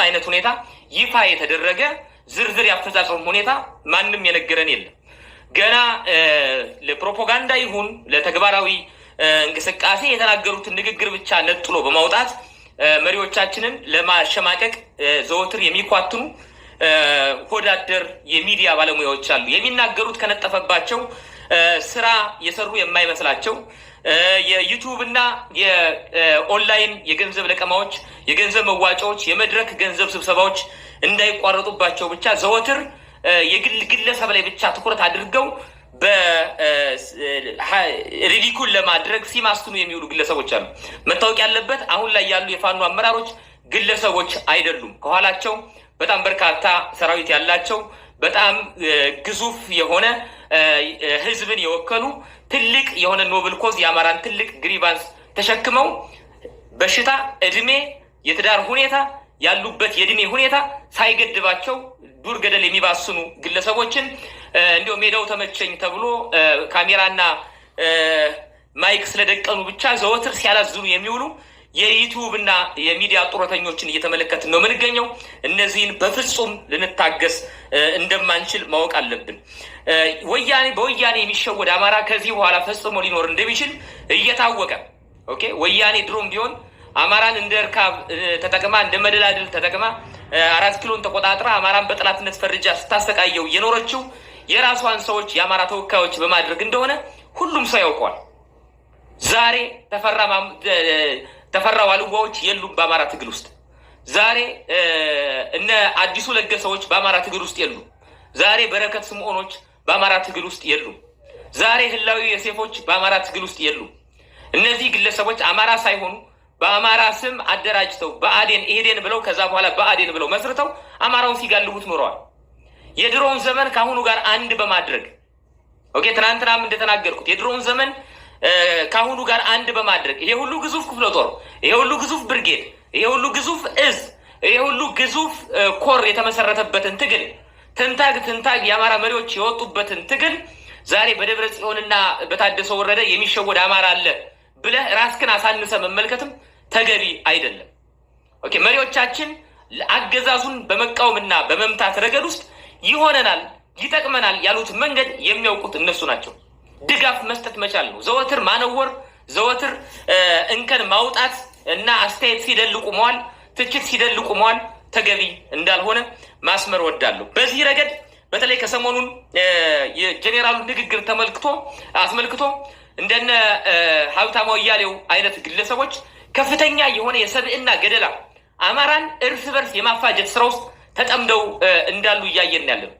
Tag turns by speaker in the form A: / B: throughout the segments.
A: በምንም አይነት ሁኔታ ይፋ የተደረገ ዝርዝር ያፈጻጸም ሁኔታ ማንም የነገረን የለም። ገና ለፕሮፓጋንዳ ይሁን ለተግባራዊ እንቅስቃሴ የተናገሩትን ንግግር ብቻ ነጥሎ በማውጣት መሪዎቻችንን ለማሸማቀቅ ዘወትር የሚኳትኑ ሆዳደር የሚዲያ ባለሙያዎች አሉ። የሚናገሩት ከነጠፈባቸው ስራ የሰሩ የማይመስላቸው የዩቱብ እና የኦንላይን የገንዘብ ለቀማዎች፣ የገንዘብ መዋጫዎች፣ የመድረክ ገንዘብ ስብሰባዎች እንዳይቋረጡባቸው ብቻ ዘወትር የግል ግለሰብ ላይ ብቻ ትኩረት አድርገው በሪዲኩል ለማድረግ ሲማስትኑ የሚውሉ ግለሰቦች አሉ። መታወቅ ያለበት አሁን ላይ ያሉ የፋኖ አመራሮች ግለሰቦች አይደሉም። ከኋላቸው በጣም በርካታ ሰራዊት ያላቸው በጣም ግዙፍ የሆነ ህዝብን የወከሉ ትልቅ የሆነ ኖብል ኮዝ የአማራን ትልቅ ግሪቫንስ ተሸክመው በሽታ፣ እድሜ፣ የትዳር ሁኔታ ያሉበት የእድሜ ሁኔታ ሳይገድባቸው ዱር ገደል የሚባስኑ ግለሰቦችን እንዲሁ ሜዳው ተመቸኝ ተብሎ ካሜራና ማይክ ስለደቀኑ ብቻ ዘወትር ሲያላዝኑ የሚውሉ የዩቲዩብ እና የሚዲያ ጡረተኞችን እየተመለከትን ነው የምንገኘው። እነዚህን በፍጹም ልንታገስ እንደማንችል ማወቅ አለብን። ወያኔ በወያኔ የሚሸወድ አማራ ከዚህ በኋላ ፈጽሞ ሊኖር እንደሚችል እየታወቀ ኦኬ። ወያኔ ድሮም ቢሆን አማራን እንደ እርካብ ተጠቅማ እንደ መደላድል ተጠቅማ አራት ኪሎን ተቆጣጥራ አማራን በጠላትነት ፈርጃ ስታሰቃየው የኖረችው የራሷን ሰዎች የአማራ ተወካዮች በማድረግ እንደሆነ ሁሉም ሰው ያውቀዋል። ዛሬ ተፈራ ተፈራ ዋልዋዎች የሉም በአማራ ትግል ውስጥ ዛሬ እነ አዲሱ ለገሰዎች በአማራ ትግል ውስጥ የሉም። ዛሬ በረከት ስምዖኖች በአማራ ትግል ውስጥ የሉም። ዛሬ ህላዊ የሴፎች በአማራ ትግል ውስጥ የሉም። እነዚህ ግለሰቦች አማራ ሳይሆኑ በአማራ ስም አደራጅተው በአዴን ኢህዴን ብለው ከዛ በኋላ በአዴን ብለው መስርተው አማራውን ሲጋልቡት ኖረዋል። የድሮውን ዘመን ከአሁኑ ጋር አንድ በማድረግ ኦኬ። ትናንትናም እንደተናገርኩት የድሮውን ዘመን ከአሁኑ ጋር አንድ በማድረግ ይሄ ሁሉ ግዙፍ ክፍለ ጦር፣ ይሄ ሁሉ ግዙፍ ብርጌድ፣ ይሄ ሁሉ ግዙፍ እዝ፣ ይሄ ሁሉ ግዙፍ ኮር የተመሰረተበትን ትግል ትንታግ ትንታግ የአማራ መሪዎች የወጡበትን ትግል ዛሬ በደብረ ጽዮንና በታደሰ ወረደ የሚሸወድ አማራ አለ ብለህ ራስክን አሳንሰ መመልከትም ተገቢ አይደለም። ኦኬ መሪዎቻችን አገዛዙን በመቃወምና በመምታት ረገድ ውስጥ ይሆነናል፣ ይጠቅመናል ያሉት መንገድ የሚያውቁት እነሱ ናቸው። ድጋፍ መስጠት መቻል ነው። ዘወትር ማነወር፣ ዘወትር እንከን ማውጣት እና አስተያየት ሲደልቁ መዋል፣ ትችት ሲደልቁ መዋል ተገቢ እንዳልሆነ ማስመር ወዳለሁ። በዚህ ረገድ በተለይ ከሰሞኑን የጄኔራሉ ንግግር ተመልክቶ አስመልክቶ እንደነ ሀብታሙ አያሌው አይነት ግለሰቦች ከፍተኛ የሆነ የሰብዕና ገደላ አማራን እርስ በርስ የማፋጀት ስራ ውስጥ ተጠምደው እንዳሉ እያየን ያለን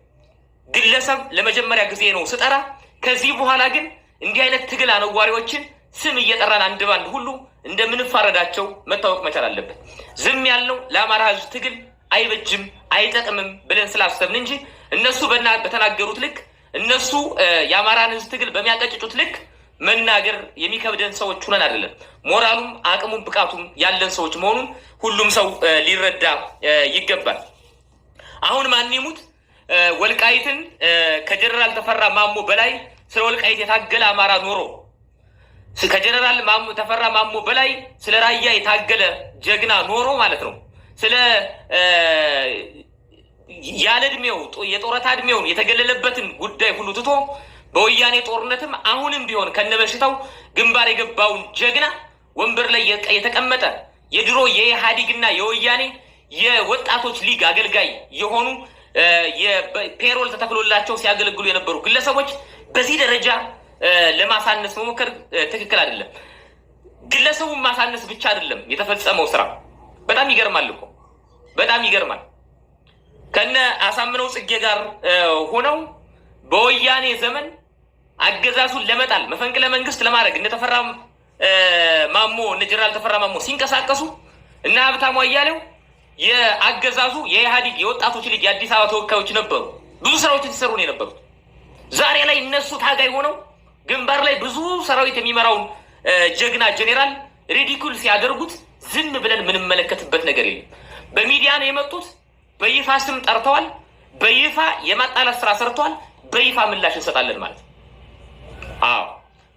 A: ግለሰብ ለመጀመሪያ ጊዜ ነው ስጠራ ከዚህ በኋላ ግን እንዲህ አይነት ትግል አነዋሪዎችን ስም እየጠራን አንድ ባንድ ሁሉ እንደምንፋረዳቸው መታወቅ መቻል አለበት። ዝም ያለው ለአማራ ህዝብ ትግል አይበጅም አይጠቅምም ብለን ስላሰብን እንጂ እነሱ በተናገሩት ልክ እነሱ የአማራን ህዝብ ትግል በሚያቀጭጩት ልክ መናገር የሚከብደን ሰዎች ሁነን አይደለም። ሞራሉም አቅሙም ብቃቱም ያለን ሰዎች መሆኑን ሁሉም ሰው ሊረዳ ይገባል። አሁን ማን ይሙት ወልቃይትን ከጀነራል ተፈራ ማሞ በላይ ስለ ወልቃይት የታገለ አማራ ኖሮ ከጀነራል ተፈራ ማሞ በላይ ስለ ራያ የታገለ ጀግና ኖሮ ማለት ነው። ስለ ያለ እድሜው የጦረታ እድሜውን የተገለለበትን ጉዳይ ሁሉ ትቶ በወያኔ ጦርነትም አሁንም ቢሆን ከነበሽታው ግንባር የገባውን ጀግና ወንበር ላይ የተቀመጠ የድሮ የኢህአዴግና የወያኔ የወጣቶች ሊግ አገልጋይ የሆኑ ፔሮል ተተክሎላቸው ሲያገለግሉ የነበሩ ግለሰቦች በዚህ ደረጃ ለማሳነስ መሞከር ትክክል አይደለም። ግለሰቡን ማሳነስ ብቻ አይደለም የተፈጸመው ስራ። በጣም ይገርማል እኮ በጣም ይገርማል። ከነ አሳምነው ጽጌ ጋር ሆነው በወያኔ ዘመን አገዛዙን ለመጣል መፈንቅለ መንግስት ለማድረግ እነ ተፈራ ማሞ እነ ጀነራል ተፈራ ማሞ ሲንቀሳቀሱ እና ሀብታሙ አያሌው የአገዛዙ የኢህአዲግ የወጣቶች ሊግ የአዲስ አበባ ተወካዮች ነበሩ። ብዙ ስራዎች የተሰሩ ነው የነበሩት። ዛሬ ላይ እነሱ ታጋይ ሆነው ግንባር ላይ ብዙ ሰራዊት የሚመራውን ጀግና ጄኔራል ሪዲኩል ሲያደርጉት ዝም ብለን የምንመለከትበት ነገር የለም። በሚዲያ ነው የመጡት። በይፋ ስም ጠርተዋል። በይፋ የማጣላት ስራ ሰርተዋል። በይፋ ምላሽ እንሰጣለን ማለት ነው። አዎ፣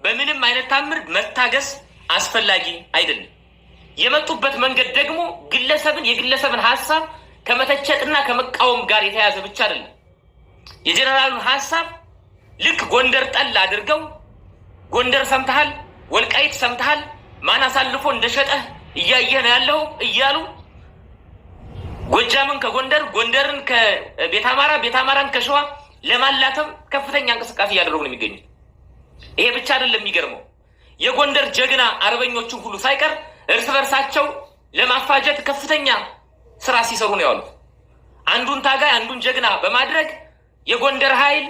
A: በምንም አይነት ታምር መታገስ አስፈላጊ አይደለም። የመጡበት መንገድ ደግሞ ግለሰብን የግለሰብን ሀሳብ ከመተቸትና ከመቃወም ጋር የተያዘ ብቻ አይደለም። የጀነራሉን ሀሳብ ልክ ጎንደር ጠል አድርገው ጎንደር ሰምተሃል፣ ወልቃይት ሰምተሃል፣ ማን አሳልፎ እንደሸጠህ እያየህ ነው ያለው እያሉ ጎጃምን ከጎንደር ጎንደርን ከቤት አማራ ቤት አማራን ከሸዋ ለማላተም ከፍተኛ እንቅስቃሴ እያደረጉ ነው የሚገኙት። ይሄ ብቻ አይደለም የሚገርመው የጎንደር ጀግና አርበኞቹን ሁሉ ሳይቀር እርስ በርሳቸው ለማፋጀት ከፍተኛ ስራ ሲሰሩ ነው ያሉት። አንዱን ታጋይ አንዱን ጀግና በማድረግ የጎንደር ኃይል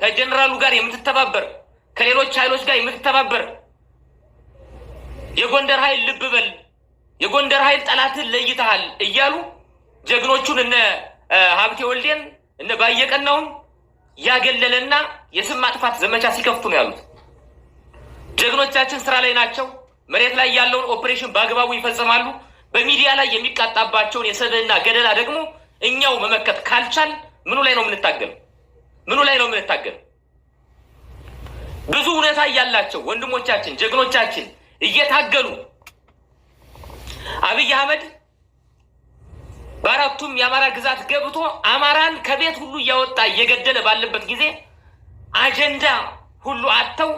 A: ከጀኔራሉ ጋር የምትተባበር ከሌሎች ኃይሎች ጋር የምትተባበር የጎንደር ኃይል ልብ በል፣ የጎንደር ኃይል ጠላትን ለይተሃል እያሉ ጀግኖቹን እነ ሀብቴ ወልዴን እነ ባየቀናውን ያገለለና የስም ማጥፋት ዘመቻ ሲከፍቱ ነው ያሉት። ጀግኖቻችን ስራ ላይ ናቸው። መሬት ላይ ያለውን ኦፕሬሽን በአግባቡ ይፈጽማሉ። በሚዲያ ላይ የሚቃጣባቸውን የሰብዕና ገደላ ደግሞ እኛው መመከት ካልቻል ምኑ ላይ ነው የምንታገል? ምኑ ላይ ነው የምንታገል? ብዙ እውነታ እያላቸው ወንድሞቻችን ጀግኖቻችን እየታገሉ አብይ አህመድ በአራቱም የአማራ ግዛት ገብቶ አማራን ከቤት ሁሉ እያወጣ እየገደለ ባለበት ጊዜ አጀንዳ ሁሉ አጥተው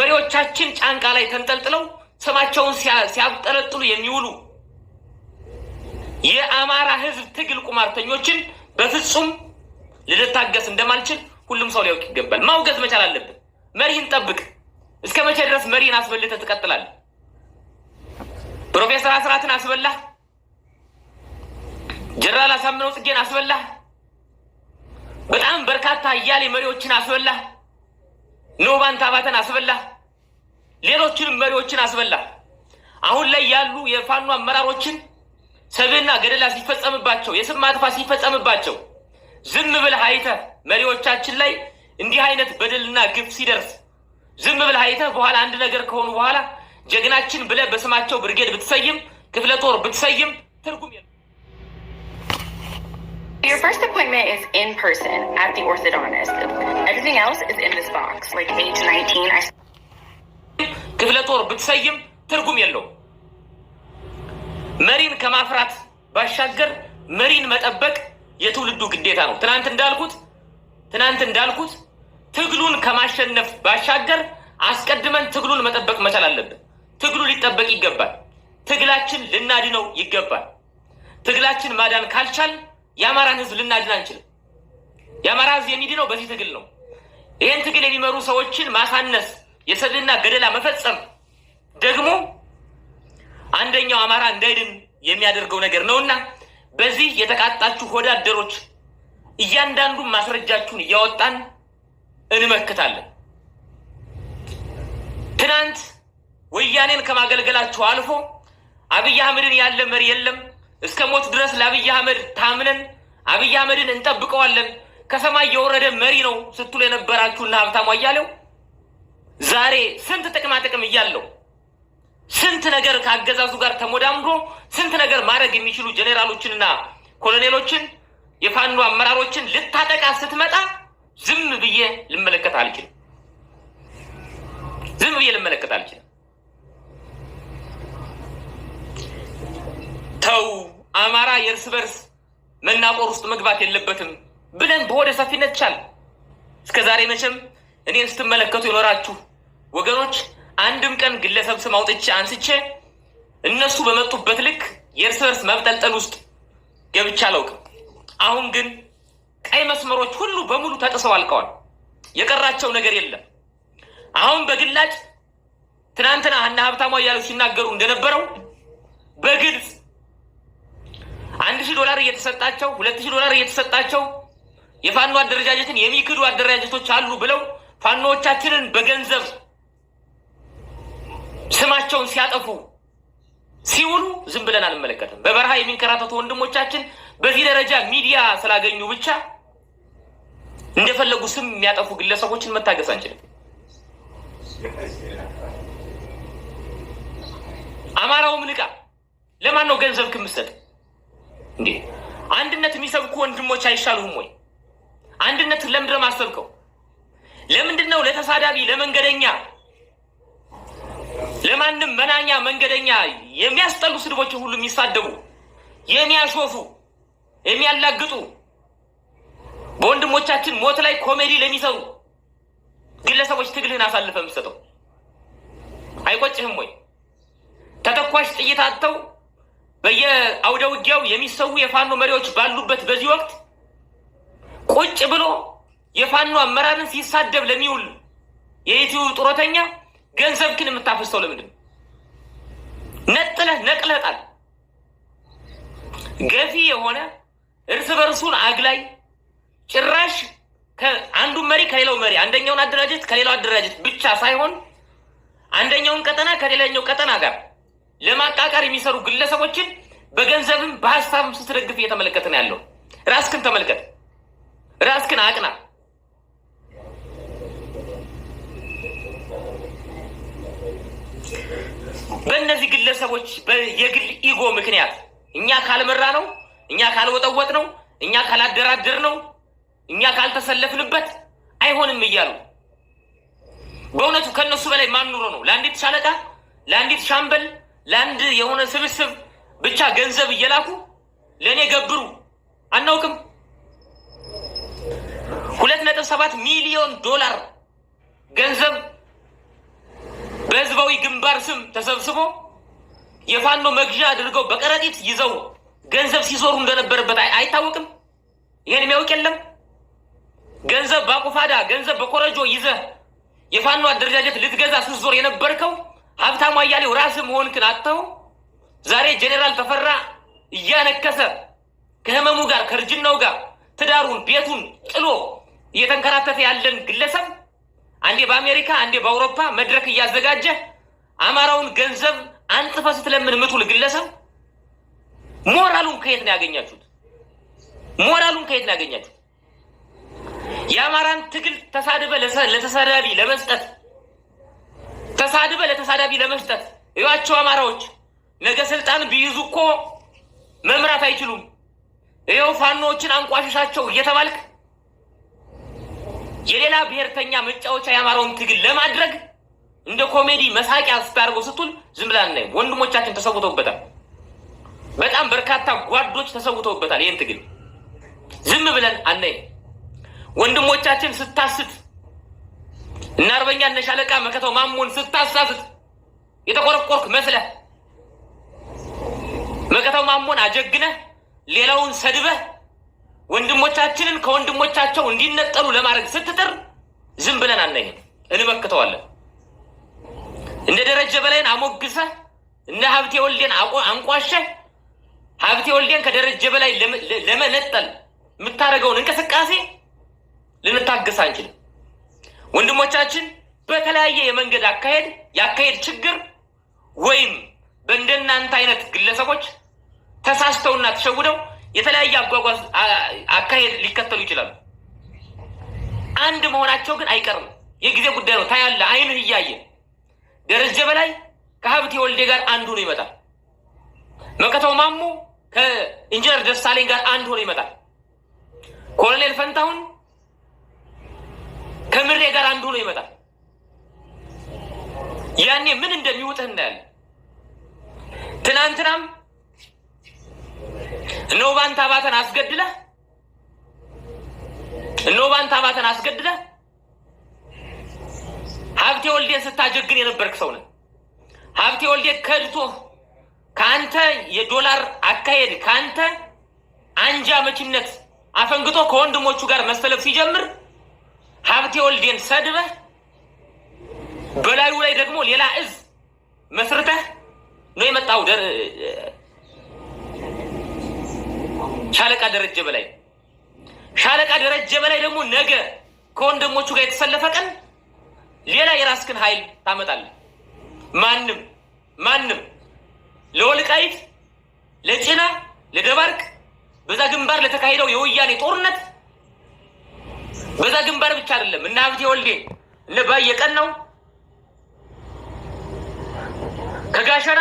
A: መሪዎቻችን ጫንቃ ላይ ተንጠልጥለው ስማቸውን ሲያብጠለጥሉ የሚውሉ የአማራ ህዝብ ትግል ቁማርተኞችን በፍጹም ልልታገስ እንደማልችል ሁሉም ሰው ሊያውቅ ይገባል። ማውገዝ መቻል አለብን። መሪህን ጠብቅ። እስከ መቼ ድረስ መሪህን አስበልተህ ትቀጥላለህ? ፕሮፌሰር አስራትን አስበላህ። ጀነራል አሳምነው ጽጌን አስበላህ። በጣም በርካታ አያሌ መሪዎችን አስበላህ። ኖባን ታባተን አስበላህ። ሌሎችንም መሪዎችን አስበላ። አሁን ላይ ያሉ የፋኖ አመራሮችን ሰብና ገደላ ሲፈጸምባቸው፣ የስም ማጥፋ ሲፈጸምባቸው ዝም ብለህ አይተህ መሪዎቻችን ላይ እንዲህ አይነት በደልና ግፍ ሲደርስ ዝም ብለህ አይተህ በኋላ አንድ ነገር ከሆኑ በኋላ ጀግናችን ብለህ በስማቸው ብርጌድ ብትሰይም፣ ክፍለ ጦር ብትሰይም ትርጉም የለም።
B: Your first appointment is in person at the orthodontist. Everything else is in this box, like age 19. I...
A: ክፍለ ጦር ብትሰይም ትርጉም የለው መሪን ከማፍራት ባሻገር መሪን መጠበቅ የትውልዱ ግዴታ ነው። ትናንት እንዳልኩት ትናንት እንዳልኩት ትግሉን ከማሸነፍ ባሻገር አስቀድመን ትግሉን መጠበቅ መቻል አለብን። ትግሉ ሊጠበቅ ይገባል። ትግላችን ልናድነው ይገባል። ትግላችን ማዳን ካልቻል የአማራን ህዝብ ልናድን አንችልም። የአማራ ህዝብ የሚድነው በዚህ ትግል ነው። ይህን ትግል የሚመሩ ሰዎችን ማሳነስ የሰብዕና ገደላ መፈጸም ደግሞ አንደኛው አማራ እንዳይድን የሚያደርገው ነገር ነውና በዚህ የተቃጣችሁ ወዳደሮች እያንዳንዱን ማስረጃችሁን እያወጣን እንመክታለን። ትናንት ወያኔን ከማገልገላችሁ አልፎ አብይ አህመድን ያለ መሪ የለም፣ እስከ ሞት ድረስ ለአብይ አህመድ ታምነን አብይ አህመድን እንጠብቀዋለን፣ ከሰማይ የወረደ መሪ ነው ስትሉ የነበራችሁና ሀብታሙ አያሌው ዛሬ ስንት ጥቅማ ጥቅም እያለው ስንት ነገር ከአገዛዙ ጋር ተሞዳምዶ ስንት ነገር ማድረግ የሚችሉ ጄኔራሎችንና ኮሎኔሎችን የፋኖ አመራሮችን ልታጠቃ ስትመጣ ዝም ብዬ ልመለከት አልችልም። ዝም ብዬ ልመለከት አልችልም። ተው አማራ የእርስ በርስ መናቆር ውስጥ መግባት የለበትም ብለን በወደ ሰፊነት ቻል እስከ ዛሬ መቼም እኔን ስትመለከቱ የኖራችሁ ወገኖች አንድም ቀን ግለሰብ ስም አውጥቼ አንስቼ እነሱ በመጡበት ልክ የእርስ በርስ መብጠልጠል ውስጥ ገብቼ አላውቅም። አሁን ግን ቀይ መስመሮች ሁሉ በሙሉ ተጥሰው አልቀዋል። የቀራቸው ነገር የለም። አሁን በግላጭ ትናንትና እና ሀብታሟ እያሉ ሲናገሩ እንደነበረው በግልጽ አንድ ሺህ ዶላር እየተሰጣቸው ሁለት ሺህ ዶላር እየተሰጣቸው የፋኖ አደረጃጀትን የሚክዱ አደረጃጀቶች አሉ ብለው ፋኖቻችንን በገንዘብ ስማቸውን ሲያጠፉ ሲውሉ ዝም ብለን አንመለከትም። በበረሃ የሚንከራተቱ ወንድሞቻችን በዚህ ደረጃ ሚዲያ ስላገኙ ብቻ እንደፈለጉ ስም የሚያጠፉ ግለሰቦችን መታገስ አንችልም። አማራውም ንቃ። ለማን ነው ገንዘብ ክምሰጥ እንዴ? አንድነት የሚሰብኩ ወንድሞች አይሻሉም ወይ? አንድነት ለምድረ ማሰብከው ለምንድን ነው ለተሳዳቢ ለመንገደኛ ለማንም መናኛ መንገደኛ የሚያስጠሉ ስድቦችን ሁሉ የሚሳደቡ የሚያሾፉ የሚያላግጡ በወንድሞቻችን ሞት ላይ ኮሜዲ ለሚሰሩ ግለሰቦች ትግልህን አሳልፈ የምትሰጠው አይቆጭህም ወይ? ተተኳሽ ጥይት አጥተው በየአውደ ውጊያው የሚሰዉ የፋኖ መሪዎች ባሉበት በዚህ ወቅት ቁጭ ብሎ የፋኖ አመራርን ሲሳደብ ለሚውል የኢትዮ ጡረተኛ ገንዘብክን የምታፈሰው ለምንድን ነው? ነጥለህ ነቅለጣል። ገፊ የሆነ እርስ በርሱን አግላይ ጭራሽ አንዱ መሪ ከሌላው መሪ አንደኛውን አደራጀት ከሌላው አደራጀት ብቻ ሳይሆን አንደኛውን ቀጠና ከሌላኛው ቀጠና ጋር ለማቃቃር የሚሰሩ ግለሰቦችን በገንዘብም በሀሳብም ስትደግፍ ነው ያለው ራስክን ተመልከት፣ ራስክን አቅና። በእነዚህ ግለሰቦች የግል ኢጎ ምክንያት እኛ ካልመራ ነው፣ እኛ ካልወጠወጥ ነው፣ እኛ ካላደራደር ነው፣ እኛ ካልተሰለፍንበት አይሆንም እያሉ በእውነቱ ከእነሱ በላይ ማኑሮ ነው? ለአንዲት ሻለቃ፣ ለአንዲት ሻምበል፣ ለአንድ የሆነ ስብስብ ብቻ ገንዘብ እየላኩ ለእኔ ገብሩ አናውቅም። ሁለት ነጥብ ሰባት ሚሊዮን ዶላር ገንዘብ በህዝባዊ ግንባር ስም ተሰብስቦ የፋኖ መግዣ አድርገው በከረጢት ይዘው ገንዘብ ሲዞሩ እንደነበረበት አይታወቅም። ይህን የሚያውቅ የለም። ገንዘብ በአቁፋዳ ገንዘብ በኮረጆ ይዘህ የፋኖ አደረጃጀት ልትገዛ ስትዞር የነበርከው ሀብታሙ አያሌው ራስ መሆንክን አጥተው ዛሬ ጄኔራል ተፈራ እያነከሰ ከህመሙ ጋር ከእርጅናው ጋር ትዳሩን ቤቱን ጥሎ እየተንከራተተ ያለን ግለሰብ አንዴ በአሜሪካ አንዴ በአውሮፓ መድረክ እያዘጋጀ አማራውን ገንዘብ አንጥፈ ስትለምን ምትውል ግለሰብ ሞራሉን ከየት ነው ያገኛችሁት? ሞራሉን ከየት ነው ያገኛችሁት? የአማራን ትግል ተሳድበ ለተሳዳቢ ለመስጠት ተሳድበ ለተሳዳቢ ለመስጠት እዩዋቸው። አማራዎች ነገ ስልጣን ቢይዙ እኮ መምራት አይችሉም። ይኸው ፋኖዎችን አንቋሽሻቸው እየተባልክ የሌላ ብሔርተኛ መጫወቻ የአማራውን ትግል ለማድረግ እንደ ኮሜዲ መሳቂያ ስታደርገው ስትል ዝም ብላ እናይም። ወንድሞቻችን ተሰውተውበታል። በጣም በርካታ ጓዶች ተሰውተውበታል። ይህን ትግል ዝም ብለን አናይ ወንድሞቻችን ስታስት እና አርበኛ እነ ሻለቃ መከተው ማሞን ስታሳስት የተቆረቆርክ መስለ መከተው ማሞን አጀግነህ ሌላውን ሰድበህ ወንድሞቻችንን ከወንድሞቻቸው እንዲነጠሉ ለማድረግ ስትጥር ዝም ብለን አናይህም፣ እንመክተዋለን። እንደ ደረጀ በላይን አሞግሰ እነ ሀብቴ ወልዴን አንቋሸ ሀብቴ ወልዴን ከደረጀ በላይ ለመነጠል የምታደርገውን እንቅስቃሴ ልንታገስ አንችልም። ወንድሞቻችን በተለያየ የመንገድ አካሄድ የአካሄድ ችግር ወይም በእንደናንተ አይነት ግለሰቦች ተሳስተውና ተሸውደው የተለያየ አጓጓዝ አካሄድ ሊከተሉ ይችላሉ። አንድ መሆናቸው ግን አይቀርም። የጊዜ ጉዳይ ነው። ታያለ፣ አይንህ እያየ ደረጀ በላይ ከሀብቴ ወልዴ ጋር አንዱ ሆኖ ይመጣል። መከተው ማሙ ከኢንጂነር ደሳለኝ ጋር አንድ ሆኖ ይመጣል። ኮሎኔል ፈንታሁን ከምሬ ጋር አንድ ሆኖ ይመጣል። ያኔ ምን እንደሚውጥህ እናያለን። ትናንትናም እነ ባንተ አባተን አስገድለህ እነ ባንተ አባተን አስገድለህ ሀብቴ ወልዴን ስታጀግን የነበርክ ሰው ነህ። ሀብቴ ወልዴ ከድቶ ከአንተ የዶላር አካሄድ ከአንተ አንጃ መችነት አፈንግጦ ከወንድሞቹ ጋር መሰለፍ ሲጀምር ሀብቴ ወልዴን ሰድበህ በላዩ ላይ ደግሞ ሌላ እዝ መስርተህ ነው የመጣው። ሻለቃ ደረጀ በላይ ሻለቃ ደረጀ በላይ ደግሞ ነገ ከወንድሞቹ ጋር የተሰለፈ ቀን ሌላ የራስክን ኃይል ታመጣለ። ማንም ማንም ለወልቃይት ለጭና ለደባርቅ በዛ ግንባር ለተካሄደው የወያኔ ጦርነት በዛ ግንባር ብቻ አይደለም እነ ሀብቴ ወልዴ እነ ባየ ነው ከጋሸና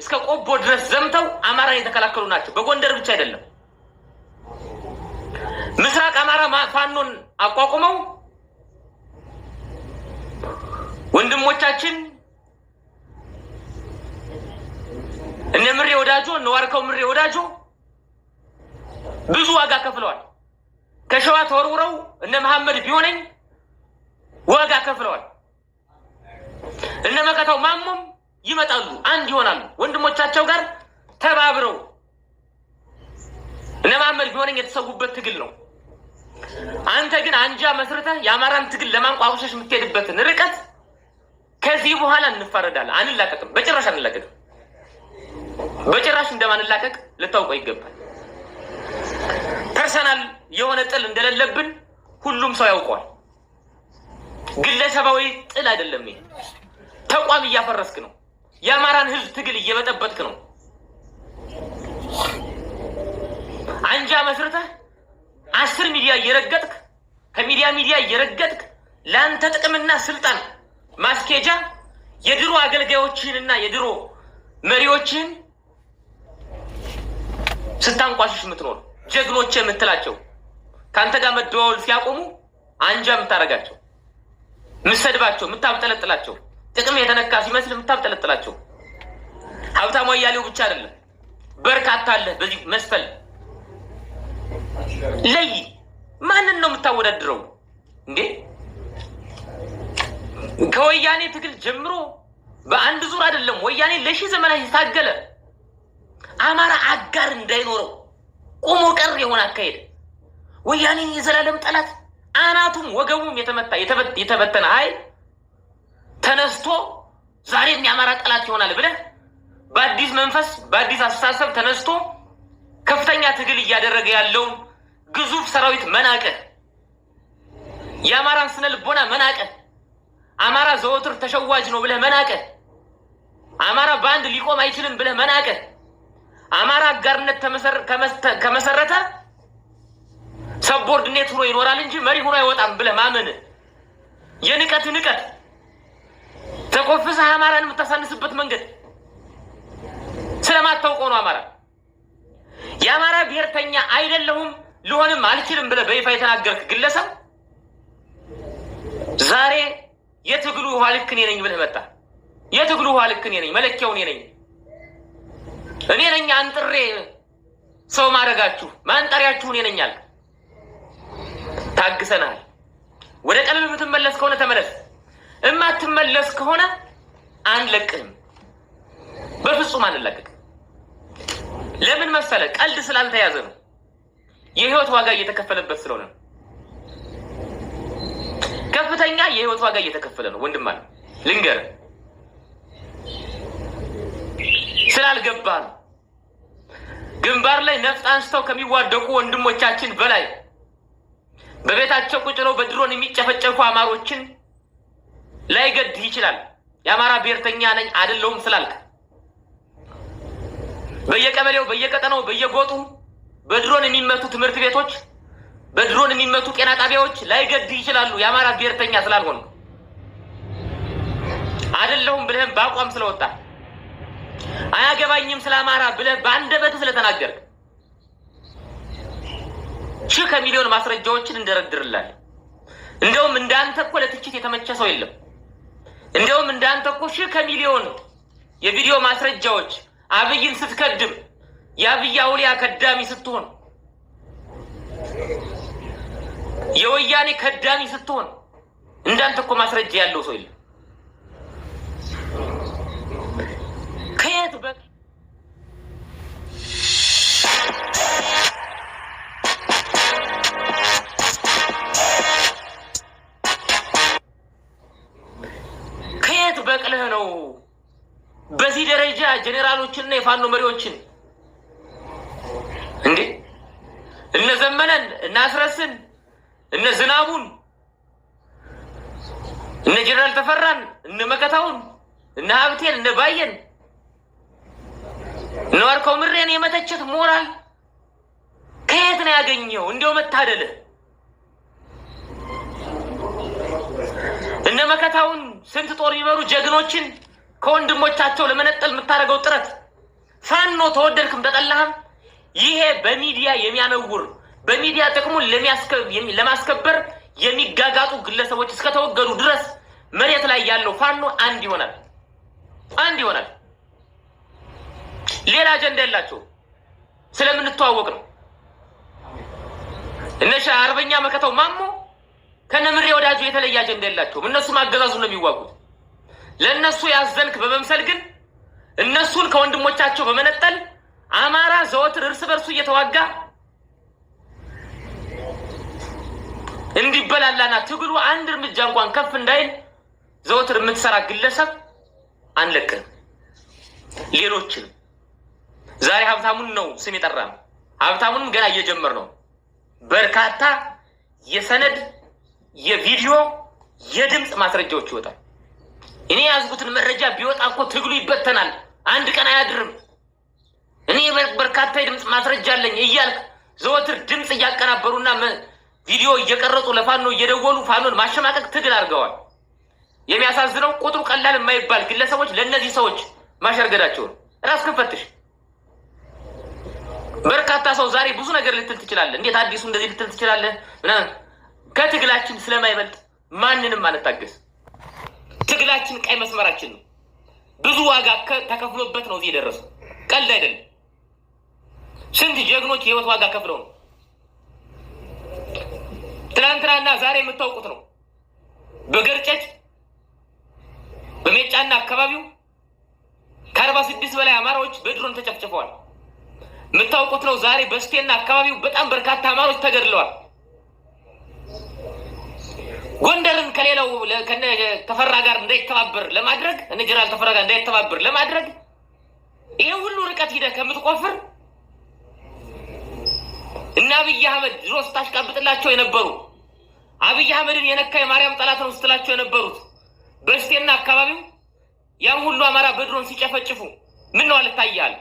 A: እስከ ቆቦ ድረስ ዘምተው አማራን የተከላከሉ ናቸው። በጎንደር ብቻ አይደለም። ምስራቅ አማራ ፋኖን አቋቁመው ወንድሞቻችን እነ ምሬ ወዳጆ እነ ዋርከው ምሬ ወዳጆ ብዙ ዋጋ ከፍለዋል። ከሸዋ ተወርውረው እነ መሐመድ ቢሆነኝ ዋጋ ከፍለዋል። እነ መከታው ማሞም ይመጣሉ፣ አንድ ይሆናሉ። ወንድሞቻቸው ጋር ተባብረው እነ መሐመድ ቢሆነኝ የተሰዉበት ትግል ነው። አንተ ግን አንጃ መስርተህ የአማራን ትግል ለማንቋቁሸሽ የምትሄድበትን ርቀት ከዚህ በኋላ እንፋረዳለን። አንላቀቅም፣ በጭራሽ አንላቀቅም። በጭራሽ እንደማንላቀቅ ልታውቀው ይገባል። ፐርሰናል የሆነ ጥል እንደሌለብን ሁሉም ሰው ያውቀዋል። ግለሰባዊ ጥል አይደለም። ይሄ ተቋም እያፈረስክ ነው። የአማራን ህዝብ ትግል እየበጠበጥክ ነው። አንጃ መስርተህ አስር ሚዲያ እየረገጥክ ከሚዲያ ሚዲያ እየረገጥክ ለአንተ ጥቅምና ስልጣን ማስኬጃ የድሮ አገልጋዮችህንና የድሮ መሪዎችህን ስታንቋሽሽ የምትኖር ጀግኖች የምትላቸው ከአንተ ጋር መደዋወል ሲያቆሙ አንጃ የምታደርጋቸው የምትሰድባቸው፣ የምታብጠለጥላቸው ጥቅም የተነካ ሲመስል የምታብጠለጥላቸው ሀብታሙ አያሌው ብቻ አይደለም፣ በርካታ አለ በዚህ መስፈል ለይ ማንን ነው የምታወዳድረው እንዴ? ከወያኔ ትግል ጀምሮ በአንድ ዙር አይደለም። ወያኔ ለሺ ዘመናት የታገለ አማራ አጋር እንዳይኖረው ቆሞ ቀር የሆነ አካሄድ ወያኔ የዘላለም ጠላት አናቱም ወገቡም የተመታ የተበተነ ኃይል ተነስቶ ዛሬም የአማራ ጠላት ይሆናል ብለህ በአዲስ መንፈስ በአዲስ አስተሳሰብ ተነስቶ ከፍተኛ ትግል እያደረገ ያለውን ግዙፍ ሰራዊት መናቀ። የአማራን ስነ ልቦና መናቀ። አማራ ዘወትር ተሸዋጅ ነው ብለህ መናቀ። አማራ በአንድ ሊቆም አይችልም ብለህ መናቀ። አማራ አጋርነት ከመሰረተ ሰቦርድኔት ሆኖ ይኖራል እንጂ መሪ ሆኖ አይወጣም ብለህ ማመን የንቀት ንቀት ተኮፍሰህ አማራን የምታሳንስበት መንገድ ስለማታውቀው ነው። አማራ የአማራ ብሔርተኛ አይደለሁም ሊሆንም አልችልም ብለህ በይፋ የተናገርክ ግለሰብ ዛሬ የትግሉ ውሃ ልክ እኔ ነኝ ብለህ መጣ። የትግሉ ውሃ ልክ እኔ ነኝ፣ መለኪያው እኔ ነኝ፣ እኔ ነኝ አንጥሬ ሰው ማድረጋችሁ ማንጠሪያችሁ እኔ ነኝ ታግሰናል። ወደ ቀለብ የምትመለስ ከሆነ ተመለስ፣ እማትመለስ ከሆነ አንለቅህም። በፍጹም አንለቅቅ። ለምን መሰለ? ቀልድ ስላልተያዘ ነው። የህይወት ዋጋ እየተከፈለበት ስለሆነ ነው። ከፍተኛ የህይወት ዋጋ እየተከፈለ ነው። ወንድማ አለ ልንገር፣ ስላልገባ ነው። ግንባር ላይ ነፍጥ አንስተው ከሚዋደቁ ወንድሞቻችን በላይ በቤታቸው ቁጭ ብለው በድሮን የሚጨፈጨፉ አማሮችን ላይገድህ ይችላል። የአማራ ብሔርተኛ ነኝ አይደለሁም ስላልክ በየቀበሌው፣ በየቀጠናው፣ በየጎጡ በድሮን የሚመቱ ትምህርት ቤቶች፣ በድሮን የሚመቱ ጤና ጣቢያዎች ላይገድህ ይችላሉ። የአማራ ብሔርተኛ ስላልሆኑ አይደለሁም ብለህም በአቋም ስለወጣ አያገባኝም ስለ አማራ ብለህ በት ስለተናገርክ ሺህ ከሚሊዮን ማስረጃዎችን እንደረድርላል። እንደውም እንዳንተ እኮ ለትችት የተመቸ ሰው የለም። እንደውም እንዳንተ እኮ ሺህ ከሚሊዮን የቪዲዮ ማስረጃዎች አብይን ስትከድም የአብይ አውሊያ ከዳሚ ስትሆን፣ የወያኔ ከዳሚ ስትሆን እንዳንተ እኮ ማስረጃ ያለው ሰው የለም። ከየት በ ከየት በቅልህ ነው በዚህ ደረጃ ጄኔራሎችንና የፋኖ መሪዎችን እንዴ እነ ዘመነን እነ አስረስን እነ ዝናቡን እነ ጀነራል ተፈራን እነ መከታውን እነ ሀብቴን እነ ባየን እነ ዋርካው ምሬን የመተቸት ሞራል ከየት ነው ያገኘው? እንዲያው መታደለ እነ መከታውን ስንት ጦር ይበሩ ጀግኖችን ከወንድሞቻቸው ለመነጠል የምታደርገው ጥረት ፋኖ ተወደድክም ተጠላህም ይሄ በሚዲያ የሚያነውር በሚዲያ ጥቅሙን ለማስከበር የሚጋጋጡ ግለሰቦች እስከተወገዱ ድረስ መሬት ላይ ያለው ፋኖ አንድ ይሆናል፣ አንድ ይሆናል። ሌላ አጀንዳ የላቸው። ስለምንተዋወቅ ነው። እነሺ አርበኛ መከተው ማሞ ከነምሬ ወዳጁ የተለየ አጀንዳ የላቸውም። እነሱም አገዛዙ ነው የሚዋጉት። ለእነሱ ያዘንክ በመምሰል ግን እነሱን ከወንድሞቻቸው በመነጠል አማራ ዘወትር እርስ በርሱ እየተዋጋ እንዲበላላና ትግሉ አንድ እርምጃ እንኳን ከፍ እንዳይል ዘወትር የምትሰራ ግለሰብ አንለቅም። ሌሎችን ዛሬ ሀብታሙን ነው ስም የጠራ ሀብታሙንም ገና እየጀመር ነው። በርካታ የሰነድ የቪዲዮ የድምፅ ማስረጃዎች ይወጣል። እኔ የያዝኩትን መረጃ ቢወጣ እኮ ትግሉ ይበተናል። አንድ ቀን አያድርም። እኔ በርካታ የድምፅ ማስረጃ አለኝ እያልክ ዘወትር ድምፅ እያቀናበሩና ቪዲዮ እየቀረጹ ለፋኖ እየደወሉ ፋኖን ማሸማቀቅ ትግል አድርገዋል። የሚያሳዝነው ቁጥሩ ቀላል የማይባል ግለሰቦች ለእነዚህ ሰዎች ማሸርገዳቸው ነው። ራስህን ፈትሽ። በርካታ ሰው ዛሬ ብዙ ነገር ልትል ትችላለህ። እንዴት አዲሱ እንደዚህ ልትል ትችላለህ? ምናምን ከትግላችን ስለማይበልጥ ማንንም አንታገስ። ትግላችን ቀይ መስመራችን ነው። ብዙ ዋጋ ተከፍሎበት ነው እዚህ የደረሰው። ቀልድ አይደለም። ስንት ጀግኖች የህይወት ዋጋ ከፍለው ነው። ትናንትናና ዛሬ የምታውቁት ነው። በገርጨት በሜጫና አካባቢው ከአርባ ስድስት በላይ አማራዎች በድሮን ተጨፍጭፈዋል። የምታውቁት ነው። ዛሬ በስቴና አካባቢው በጣም በርካታ አማሮች ተገድለዋል። ጎንደርን ከሌላው ተፈራ ጋር እንዳይተባበር ለማድረግ እነ ጀነራል ተፈራ ጋር እንዳይተባበር ለማድረግ ይህ ሁሉ ርቀት ሂደህ ከምትቆፍር እና አብይ አህመድ ድሮ ስታሽቃብጥላቸው የነበሩ አብይ አህመድን የነካ የማርያም ጠላት ነው ስትላቸው የነበሩት በስቴና አካባቢው ያም ሁሉ አማራ በድሮን ሲጨፈጭፉ ምን ነው አልታያል?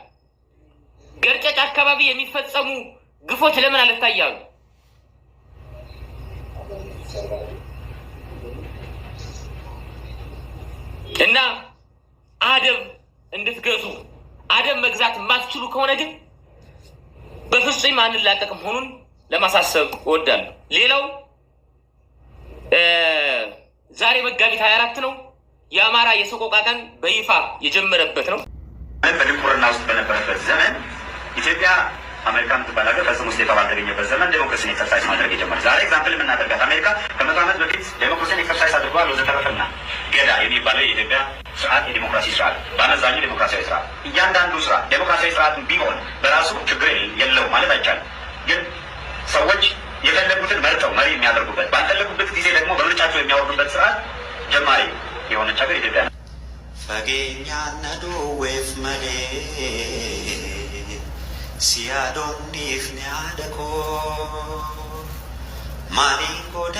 A: ገርጨጭ አካባቢ የሚፈጸሙ ግፎች ለምን አልታያሉ? እና አደብ እንድትገዙ አደብ መግዛት የማትችሉ ከሆነ ግን በፍጹም አንላቀቅ መሆኑን ለማሳሰብ እወዳለሁ። ሌላው ዛሬ መጋቢት ሀያ አራት ነው የአማራ የሰቆቃ ቀን በይፋ የጀመረበት ነው።
C: በድንቁርና ውስጥ በነበረበት ዘመን ኢትዮጵያ አሜሪካ የምትባል ሀገር ፈጽሞ ስቴቷ ባልተገኘበት ዘመን ዴሞክራሲን ኤክሰርሳይዝ ማድረግ የጀመረ ዛሬ ኤግዛምፕል የምናደርጋት አሜሪካ ከመቶ ዓመት በፊት ዴሞክራሲን ኤክሰርሳይዝ አድርጓል ወዘተረፈና ገዳ የሚባለው የኢትዮጵያ ስርዓት የዲሞክራሲ ስርዓት በአመዛኙ ዴሞክራሲያዊ ስርዓት እያንዳንዱ ስርዓት ዴሞክራሲያዊ ስርዓት ቢሆን በራሱ ችግር የለው ማለት አይቻልም። ግን ሰዎች የፈለጉትን መርጠው መሪ የሚያደርጉበት ባልፈለጉበት ጊዜ ደግሞ በምርጫቸው የሚያወርዱበት ስርዓት ጀማሪ የሆነች ሀገር ኢትዮጵያ ነው።
D: ፈገኛ ነዶ ዌፍ መሌ ሲያዶኒፍ ኒያደኮ ማሊንጎዳ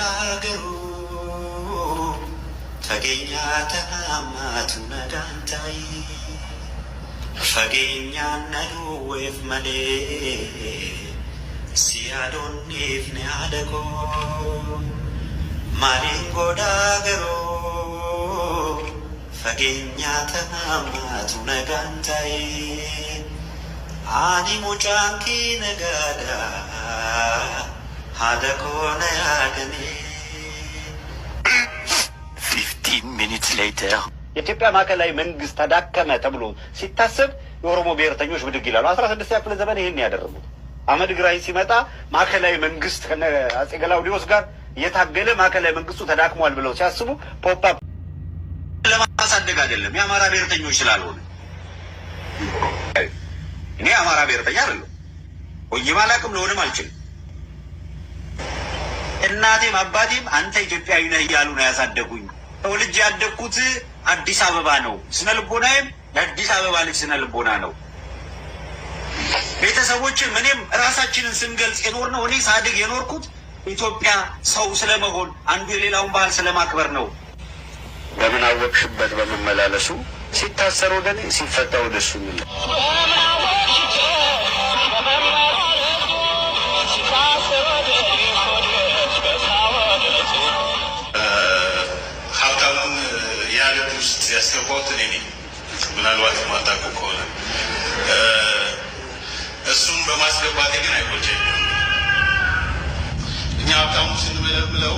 D: ተገኛ ተአማት ነዳንታይ ፈገኛነዱ ወፍ መሌ ሲያዶኔፍ ነያደጎ ማሊንጎዳ ገሮ ፈገኛ ተአማቱ ነጋንታይ አኒ ሙጫንኪ ነጋዳ ሀደኮ ነያገኔ
C: የኢትዮጵያ ማዕከላዊ መንግስት ተዳከመ ተብሎ ሲታሰብ የኦሮሞ ብሔርተኞች ብድግ ይላሉ። አስራ ስድስተኛ ክፍለ ዘመን ይህን ያደረጉት አመድ ግራኝ ሲመጣ ማዕከላዊ መንግስት ከነ አጼ ገላውዲዮስ ጋር እየታገለ ማዕከላዊ መንግስቱ ተዳክሟል ብለው ሲያስቡ ፖፓ ለማሳደግ አይደለም የአማራ ብሔርተኞች ስላልሆነ እኔ አማራ ብሔርተኛ አይደለሁ። ወይም አላቅም ለሆንም አልችልም። እናቴም አባቴም አንተ ኢትዮጵያዊ ነህ እያሉ ነው ያሳደጉኝ። ተወልጄ ያደግኩት አዲስ አበባ ነው። ስነ ልቦናዬም የአዲስ አበባ ልጅ ስነ ልቦና ነው። ቤተሰቦችን እኔም ራሳችንን ስንገልጽ የኖር ነው። እኔ ሳድግ የኖርኩት ኢትዮጵያ ሰው ስለመሆን አንዱ የሌላውን ባህል ስለማክበር ነው።
E: በምን አወቅሽበት በመመላለሱ ሲታሰር ወደ እኔ ሲፈታ ወደ እሱ የሚለው ያስገባሁት እኔ ነኝ። ምናልባት ማታቁ ከሆነ እሱን በማስገባት ግን አይቆጨኝም። እኛ ሀብታሙ ስንመለምለው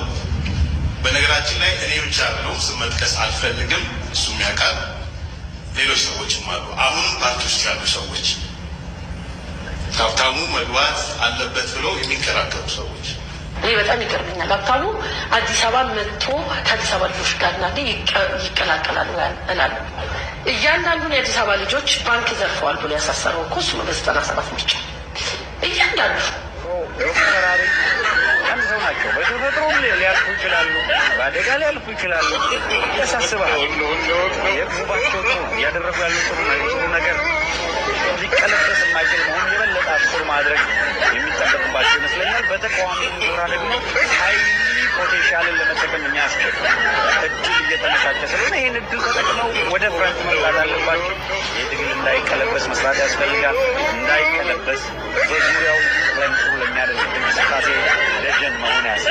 E: በነገራችን ላይ እኔ ብቻ ነው መጥቀስ አልፈልግም። እሱም ያውቃል፣ ሌሎች ሰዎችም አሉ። አሁን ፓርቲ ውስጥ ያሉ ሰዎች ሀብታሙ መግባት አለበት ብለው የሚንከራከሩ ሰዎች
F: እኔ በጣም ይቀርብኛል። ሀብታሙ አዲስ አበባ መጥቶ ከአዲስ አበባ ልጆች ጋር ና ይቀላቀላል እላለሁ። እያንዳንዱን የአዲስ አበባ ልጆች ባንክ ዘርፈዋል ብሎ ያሳሰረው እኮ እሱ ነው። በዘጠና ሰባት ምርጫ እያንዳንዱ
G: በተፈጥሮም ሊያልፉ ይችላሉ፣ በአደጋ ሊያልፉ ይችላሉ። ያሳስባል። ያሉ ነገር ሊቀለበስ የማይችል መሆኑ የበለጠ አትኩር ማድረግ የሚጠበቅባቸው ይመስለኛል። በተቃዋሚ ዙራ ደግሞ ሀይ ፖቴንሻልን ለመጠቀም የሚያስችል እድል እየተመቻቸ ስለሆነ ይህን እድል ተጠቅመው ወደ ፍረንት መምጣት አለባቸው። ይህ ትግል እንዳይቀለበስ መስራት ያስፈልጋል። እንዳይቀለበስ በዙሪያው ፍረንቱ ለሚያደርግ እንቅስቃሴ ደጀን መሆን ያስ